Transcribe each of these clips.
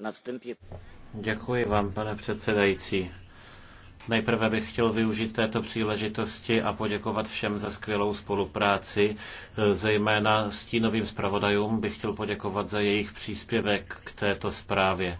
Na Děkuji vám, pane předsedající. Nejprve bych chtěl využít této příležitosti a poděkovat všem za skvělou spolupráci, zejména stínovým zpravodajům bych chtěl poděkovat za jejich příspěvek k této zprávě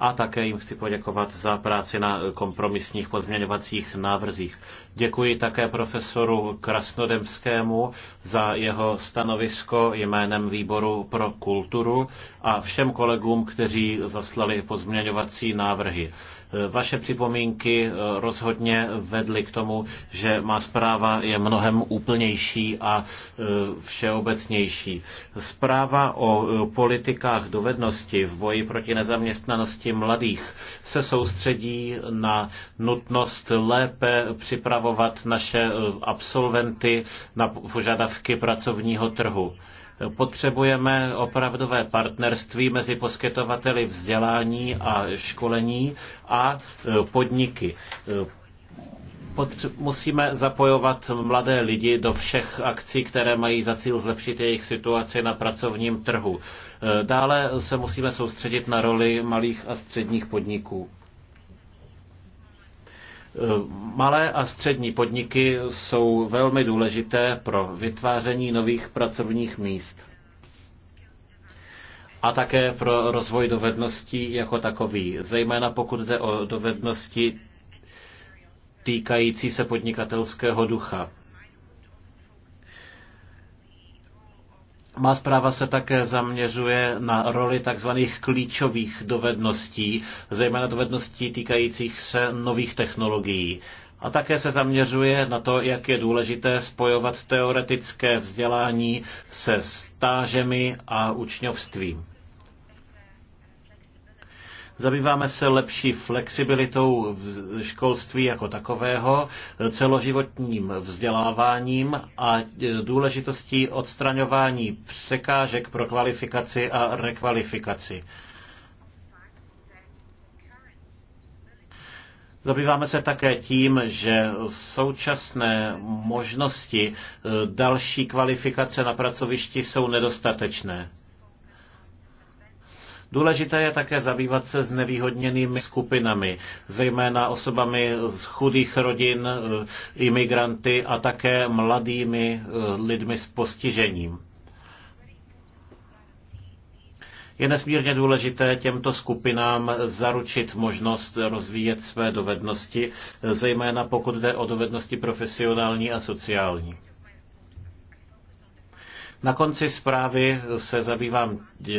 a také jim chci poděkovat za práci na kompromisních pozměňovacích návrzích. Děkuji také profesoru Krasnodemskému za jeho stanovisko jménem Výboru pro kulturu a všem kolegům, kteří zaslali pozměňovací návrhy. Eh, vaše připomínky eh, rozhodně vedly k tomu, že má zpráva je mnohem úplnější a eh, všeobecnější. Zpráva o politikách dovednosti v boji proti nezaměstnanosti mladých se soustředí na nutnost lépe připravovat naše absolventy na požadavky pracovního trhu. Potřebujeme opravdové partnerství mezi poskytovateli vzdělání a školení a e, podniky e, musíme zapojovat mladé lidi do všech akcí, které mají za cíl zlepšit jejich situaci na pracovním trhu. E, dále se musíme soustředit na roli malých a středních podniků. Eh, malé a střední podniky jsou velmi důležité pro vytváření nových pracovních míst a také pro rozvoj dovedností jako takový, zejména pokud jde o dovednosti týkající se podnikatelského ducha. Má zpráva se také zaměřuje na roli tzv. klíčových dovedností, zejména dovedností týkajících se nových technologií. A také se zaměřuje na to, jak je důležité spojovat teoretické vzdělání se stážemi a učňovstvím. Zabýváme se lepší flexibilitou v školství jako takového, celoživotním vzděláváním a důležitostí odstraňování překážek pro kvalifikaci a rekvalifikaci. Zabýváme se také tím, že současné možnosti eh, další kvalifikace na pracovišti jsou nedostatečné. Důležité je také zabývat se znevýhodněnými skupinami, zejména osobami z chudých rodin, e, imigranty a také mladými e, lidmi s postižením. Je nesmírně důležité těmto skupinám zaručit možnost rozvíjet své dovednosti, zejména pokud jde o dovednosti profesionální a sociální. Na konci zprávy se zabývám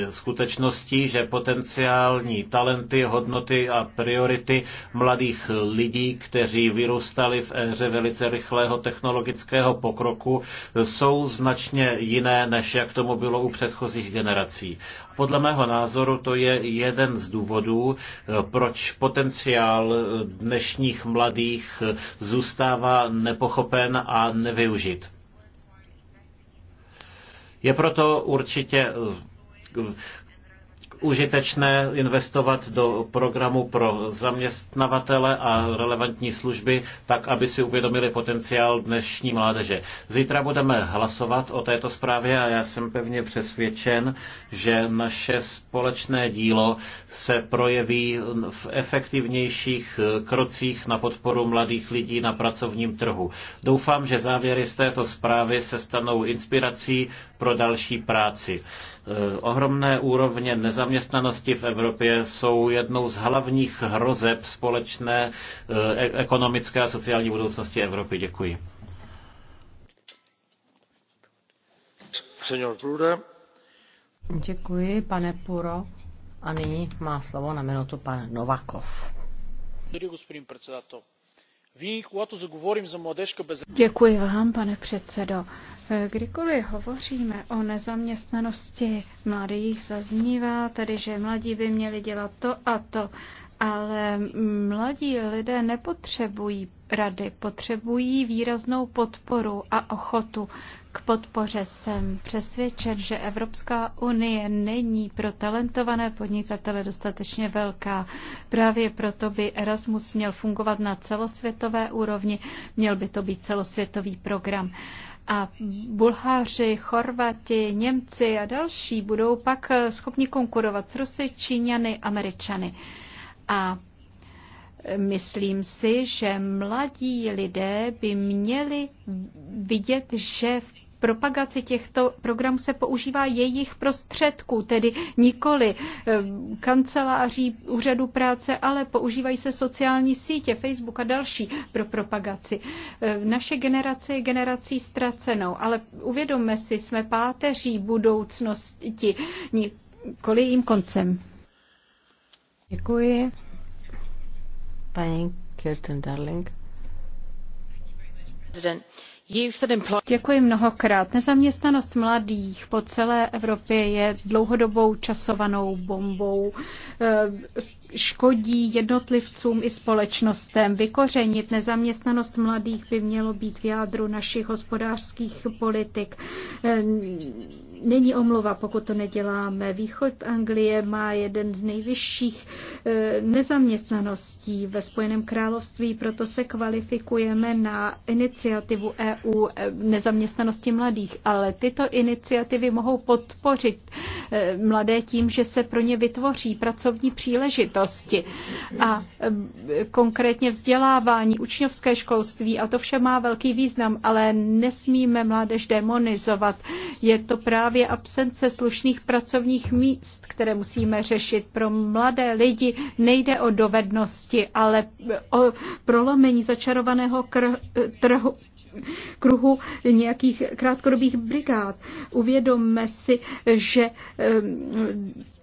skutečností, že potenciální talenty, hodnoty a priority mladých lidí, kteří vyrůstali v éře velice rychlého technologického pokroku, jsou značně jiné, než jak tomu bylo u předchozích generací. Podle mého názoru to je jeden z důvodů, proč potenciál dnešních mladých zůstává nepochopen a nevyužit. Je proto určitě eh, užitečné investovat do programu pro zaměstnavatele a relevantní služby, tak aby si uvědomili potenciál dnešní mládeže. Zítra budeme hlasovat o této zprávě a já jsem pevně přesvědčen, že naše společné dílo se projeví v efektivnějších krocích na podporu mladých lidí na pracovním trhu. Doufám, že závěry z této zprávy se stanou inspirací pro další práci. Eh, ohromné úrovně nezaměstnanosti v Evropě jsou jednou z hlavních hrozeb společné eh, e, ekonomické a sociální budoucnosti Evropy. Děkuji. Děkuji, pane Puro. A nyní má slovo na minutu pan Novakov. Děkuji, Děkuji vám, pane předsedo. Eh, kdykoliv hovoříme o nezaměstnanosti mladých, zaznívá tedy, že mladí by měli dělat to a to, ale mladí lidé nepotřebují rady potřebují výraznou podporu a ochotu k podpoře. Jsem přesvědčen, že Evropská unie není pro talentované podnikatele dostatečně velká. Právě proto by Erasmus měl fungovat na celosvětové úrovni, měl by to být celosvětový program. A Bulháři, Chorvati, Němci a další budou pak schopni konkurovat s Rusy, Číňany, Američany. A Myslím si, že mladí lidé by měli vidět, že v propagaci těchto programů se používá jejich prostředků, tedy nikoli eh, kanceláří úřadu práce, ale používají se sociální sítě, Facebook a další pro propagaci. Eh, naše generace je generací ztracenou, ale uvědomme si, jsme páteří budoucnosti, nikoli jim koncem. Děkuji. Paní Kirsten Darling. Děkuji mnohokrát. Nezaměstnanost mladých po celé Evropě je dlouhodobou časovanou bombou. Eh, škodí jednotlivcům i společnostem. Vykořenit nezaměstnanost mladých by mělo být v jádru našich hospodářských politik. Eh, není omluva, pokud to neděláme. Východ Anglie má jeden z nejvyšších eh, nezaměstnaností ve Spojeném království, proto se kvalifikujeme na iniciativu EU eh, nezaměstnanosti mladých. Ale tyto iniciativy mohou podpořit eh, mladé tím, že se pro ně vytvoří pracovní příležitosti a konkrétně vzdělávání, učňovské školství a to vše má velký význam, ale nesmíme mládež demonizovat. Je to právě právě absence slušných pracovních míst, které musíme řešit. Pro mladé lidi nejde o dovednosti, ale o prolomení začarovaného kr- trhu, kruhu nějakých krátkodobých brigád. Uvědomme si, že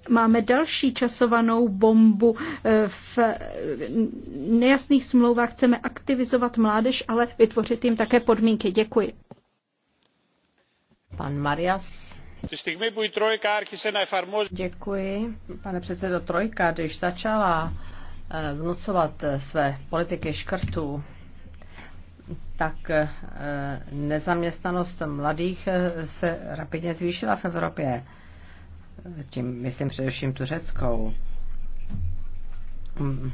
máme další časovanou bombu. Eh, v nejasných smlouvách chceme aktivizovat mládež, ale vytvořit jim také podmínky. Děkuji. Pane předsedo, Trojka, když začala eh, vnucovat eh, své politiky škrtů, tak eh, nezaměstnanost mladých se rapidně zvýšila v Evropě. Tím myslím především tu řeckou. Mm,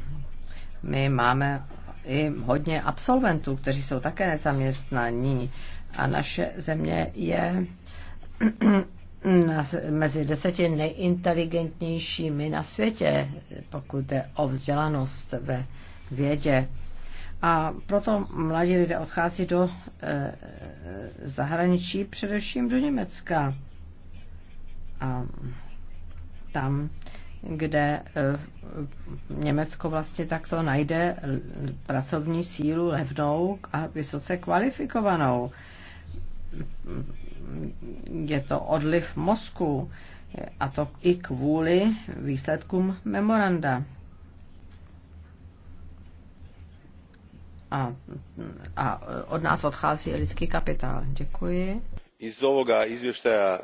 my máme i hodně absolventů, kteří jsou také nezaměstnaní a naše země je mezi deseti nejinteligentnějšími na světě, pokud jde o vzdělanost ve vědě. A proto mladí lidé odchází do e, zahraničí, především do Německa. A tam, kde e, Německo vlastně takto najde pracovní sílu levnou a vysoce kvalifikovanou. E, je to odliv mozku a to i kvůli výsledkům memoranda. A, a od nás odchází lidský kapitál. Děkuji. z ovoga izvještaja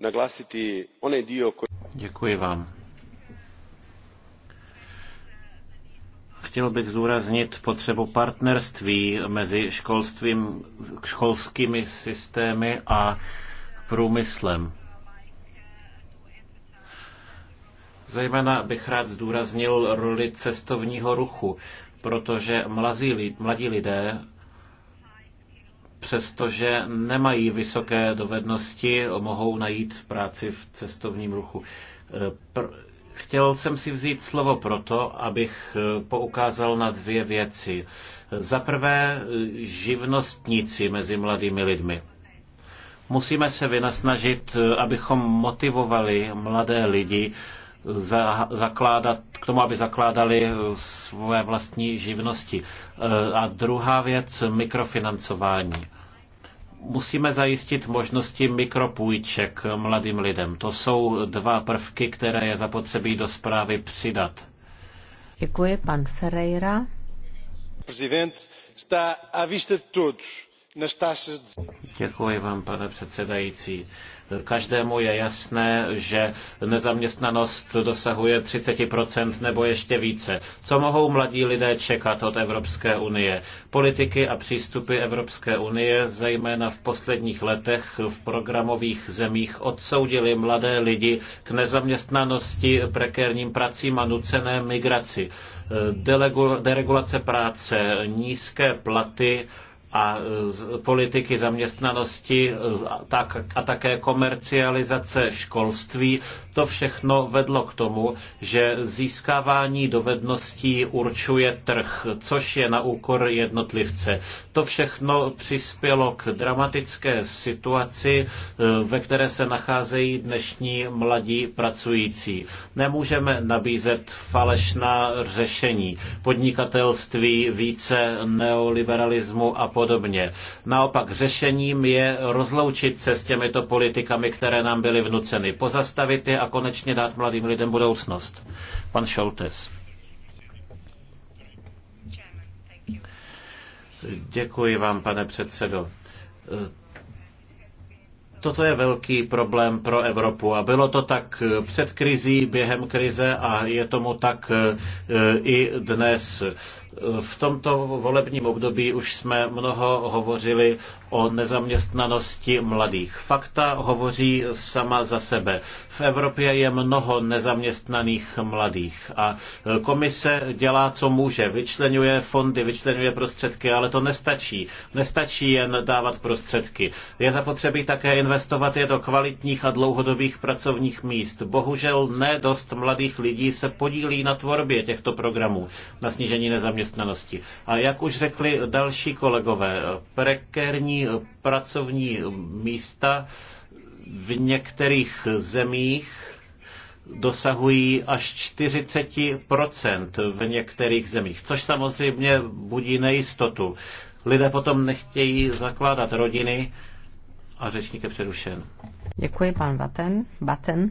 naglasiti onaj dio koji... Děkuji vám. Chtěl bych zúraznit potřebu partnerství mezi školstvím, školskými systémy a průmyslem. Zajména bych rád zdůraznil roli cestovního ruchu, protože mladí, mladí lidé, přestože nemají vysoké dovednosti, mohou najít práci v cestovním ruchu. Chtěl jsem si vzít slovo proto, abych eh, poukázal na dvě věci. Za prvé, eh, živnostníci mezi mladými lidmi. Musíme se vynasnažit, eh, abychom motivovali mladé lidi za, zakládat, k tomu, aby zakládali svoje vlastní živnosti. A druhá věc, mikrofinancování musíme zajistit možnosti mikropůjček mladým lidem. To jsou dva prvky, které je zapotřebí do zprávy přidat. Děkuji, pan Ferreira. Prezident, está à vista de todos Děkuji vám, pane předsedající. Každému je jasné, že nezaměstnanost dosahuje 30% nebo ještě více. Co mohou mladí lidé čekat od Evropské unie? Politiky a přístupy Evropské unie, zejména v posledních letech v programových zemích, odsoudili mladé lidi k nezaměstnanosti, prekérním pracím a nucené migraci. Deregulace práce, nízké platy, a e, politiky zaměstnanosti e, a také komercializace školství, to všechno vedlo k tomu, že získávání dovedností určuje trh, což je na úkor jednotlivce. To všechno přispělo k dramatické situaci, e, ve které se nacházejí dnešní mladí pracující. Nemůžeme nabízet falešná řešení, podnikatelství, více neoliberalismu a podobně. Naopak řešením je rozloučit se s těmito politikami, které nám byly vnuceny, pozastavit je a konečně dát mladým lidem budoucnost. Pan Šoltes. Děkuji vám, pane předsedo. Toto je velký problém pro Evropu a bylo to tak před krizí, během krize a je tomu tak e, i dnes. V tomto volebním období už jsme mnoho hovořili o nezaměstnanosti mladých. Fakta hovoří sama za sebe. V Evropě je mnoho nezaměstnaných mladých a komise dělá, co může. Vyčlenuje fondy, vyčlenuje prostředky, ale to nestačí. Nestačí jen dávat prostředky. Je zapotřebí také investovat je do kvalitních a dlouhodobých pracovních míst. Bohužel nedost mladých lidí se podílí na tvorbě těchto programů na snížení nezaměstnanosti nezaměstnanosti. A jak už řekli další kolegové, prekérní pracovní místa v některých zemích dosahují až 40% v některých zemích, což samozřejmě budí nejistotu. Lidé potom nechtějí zakládat rodiny a řečník je přerušen. Děkuji, pan Baten. Baten.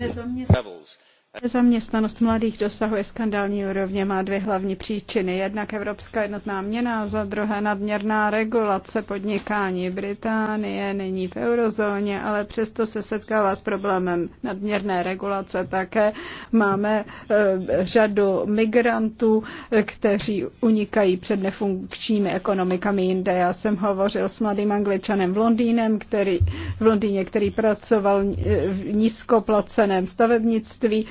Nezaměstnanost Zaměstnanost mladých dosahuje skandální úrovně, má dvě hlavní příčiny. Jednak Evropská jednotná měna, za druhé nadměrná regulace podnikání Británie, není v eurozóně, ale přesto se setkává s problémem nadměrné regulace. Také máme eh, řadu migrantů, kteří unikají před nefunkčními ekonomikami jinde. Já jsem hovořil s mladým angličanem v Londýnem, který, v Londýně, který pracoval eh, v nízkoplaceném stavebnictví,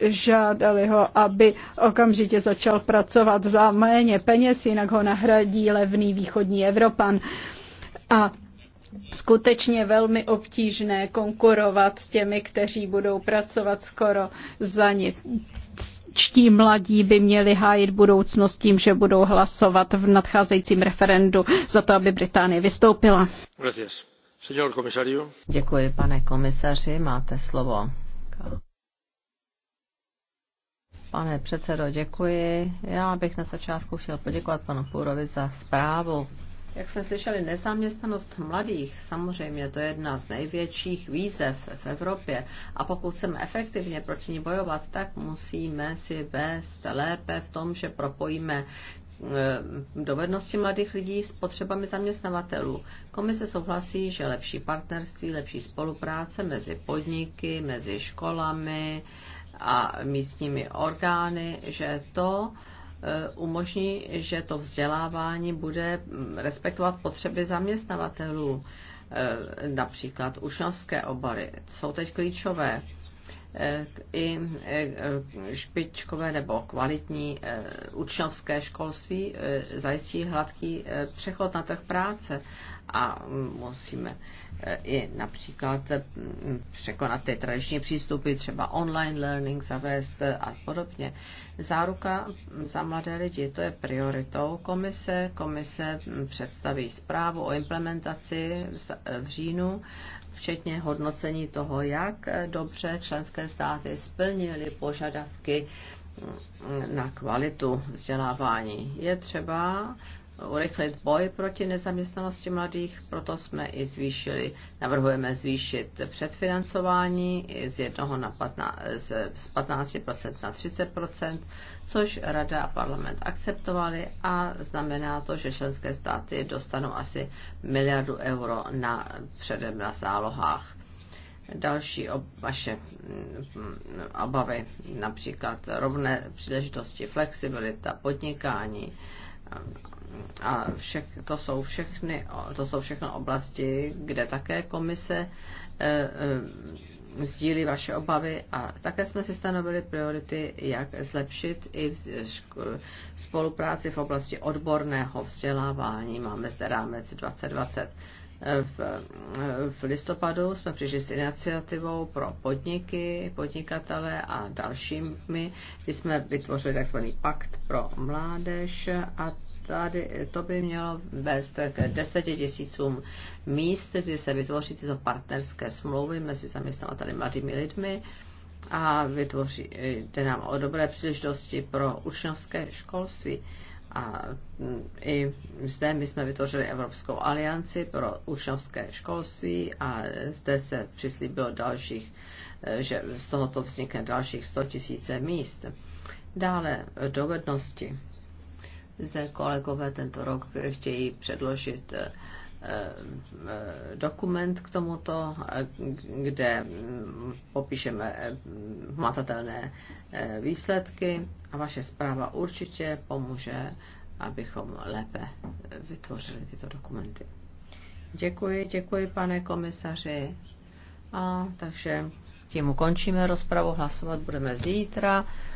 žádali ho, aby okamžitě začal pracovat za méně peněz, jinak ho nahradí levný východní Evropan. A skutečně velmi obtížné konkurovat s těmi, kteří budou pracovat skoro za nic čtí mladí by měli hájit budoucnost tím, že budou hlasovat v nadcházejícím referendu za to, aby Británie vystoupila. Děkuji, pane komisaři. Máte slovo. Pane předsedo, děkuji. Já bych na začátku chtěl poděkovat panu Půrovi za zprávu. Jak jsme slyšeli, nezaměstnanost mladých samozřejmě to je jedna z největších výzev v Evropě a pokud chceme efektivně proti ní bojovat, tak musíme si vést lépe v tom, že propojíme eh, dovednosti mladých lidí s potřebami zaměstnavatelů. Komise souhlasí, že lepší partnerství, lepší spolupráce mezi podniky, mezi školami, a místními orgány, že to e, umožní, že to vzdělávání bude mm, respektovat potřeby zaměstnavatelů, e, například učňovské obory. Jsou teď klíčové E, i e, špičkové nebo kvalitní e, učňovské školství zajistí hladký přechod na trh práce a musíme i například překonat ty tradiční přístupy, třeba online learning zavést a podobně. Záruka za mladé lidi, to je prioritou komise. Komise představí zprávu o implementaci v říjnu včetně hodnocení toho, jak dobře členské státy splnily požadavky na kvalitu vzdělávání. Je třeba urychlit boj proti nezaměstnanosti mladých, proto jsme i zvýšili, navrhujeme zvýšit předfinancování z, jednoho na 15, z 15% na 30%, což Rada a parlament akceptovali a znamená to, že členské státy dostanou asi miliardu euro na, předem na zálohách další ob, vaše mm, obavy, například rovné příležitosti, flexibilita, podnikání, a všech, to, jsou všechny, to jsou všechno oblasti, kde také komise eh, eh, sdílí vaše obavy a také jsme si stanovili priority, jak zlepšit i spolupráci v oblasti odborného vzdělávání. Máme zde rámec 2020 v, v listopadu jsme přišli s iniciativou pro podniky, podnikatele a dalšími, kdy jsme vytvořili tzv. pakt pro mládež a tady to by mělo vést k deseti tisícům míst, kdy se vytvoří tyto partnerské smlouvy mezi zaměstnavateli mladými lidmi a vytvoří, jde nám o dobré příležitosti pro učňovské školství. A mm, i zde my jsme vytvořili Evropskou alianci pro učňovské školství a zde se přislíbilo dalších, eh, že z tohoto vznikne dalších 100 tisíce míst. Dále dovednosti. Zde kolegové tento rok chtějí předložit eh, Eh, dokument k tomuto, eh, kde mm, popíšeme eh, hmatatelné výsledky a vaše zpráva určitě pomůže, abychom lépe vytvořili tyto dokumenty. Děkuji, děkuji, pane komisaři. A takže tím ukončíme rozpravu, hlasovat budeme zítra.